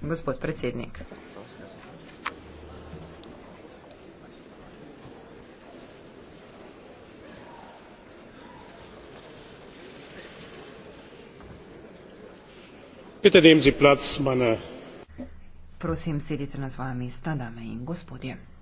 gospod predsednik prosim sedite na svoja mesta dame in gospodje